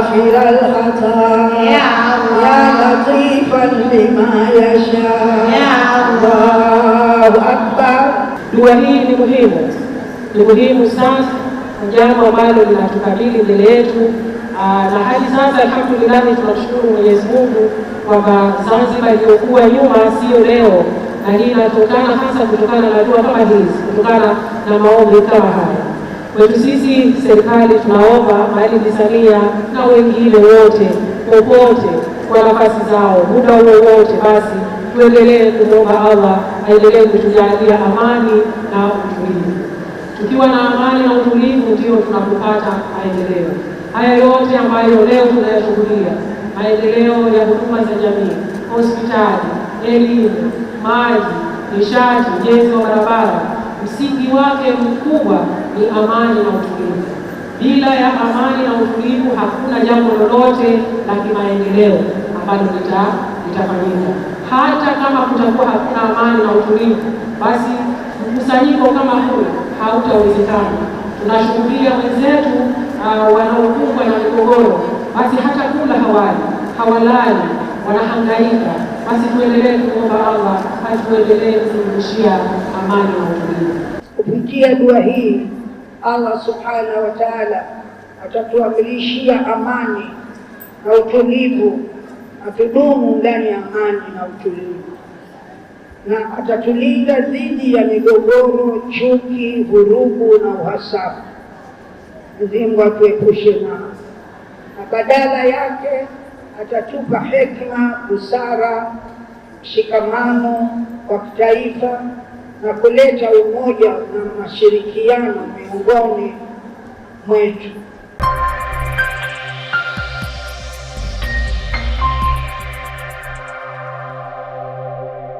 كاشر الخطا يا, يا لطيفا بما يشاء الله أكبر. Dua hii ni muhimu, ni muhimu sana, jambo ambalo linatukabili mbele yetu ah, na hadi sasa alhamdulillah, tunashukuru Mwenyezi Mungu kwamba Zanzibar iliyokuwa nyuma sio leo, na hii inatokana hasa kutokana na dua kama hizi, kutokana na maombi kama haya. Kwetu sisi serikali tunaomba bali visalia na wengine wote popote kwa nafasi zao muda wote, basi tuendelee kumwomba Allah aendelee kutujalia amani na utulivu. Tukiwa na amani na utulivu, ndio tunapopata maendeleo haya yote ambayo leo tunayashughulia, maendeleo ya huduma za jamii, hospitali, elimu, maji, nishati, ujenzi wa barabara. Msingi wake mkubwa ni amani na utulivu. Bila ya amani na utulivu, hakuna jambo lolote la kimaendeleo ambalo litafanyika. Hata kama kutakuwa hakuna amani na utulivu, basi mkusanyiko kama huu hautawezekana. Tunashuhudia wenzetu uh, wanaokumbwa na migogoro, basi hata kula hawali, hawalali, wanahangaika. Basi tuendelee kuomba Allah tuendelee kuzungushia amani na utulivu kupitia dua hii. Allah subhanahu wa taala atatuamilishia amani na utulivu, atudumu ndani ya amani na utulivu, na atatulinda dhidi ya migogoro, chuki, vurugu na uhasabu Mwenyezi Mungu atuepushe na na badala yake atatupa hekima, busara, mshikamano wa kitaifa na kuleta umoja na mashirikiano miongoni mwetu.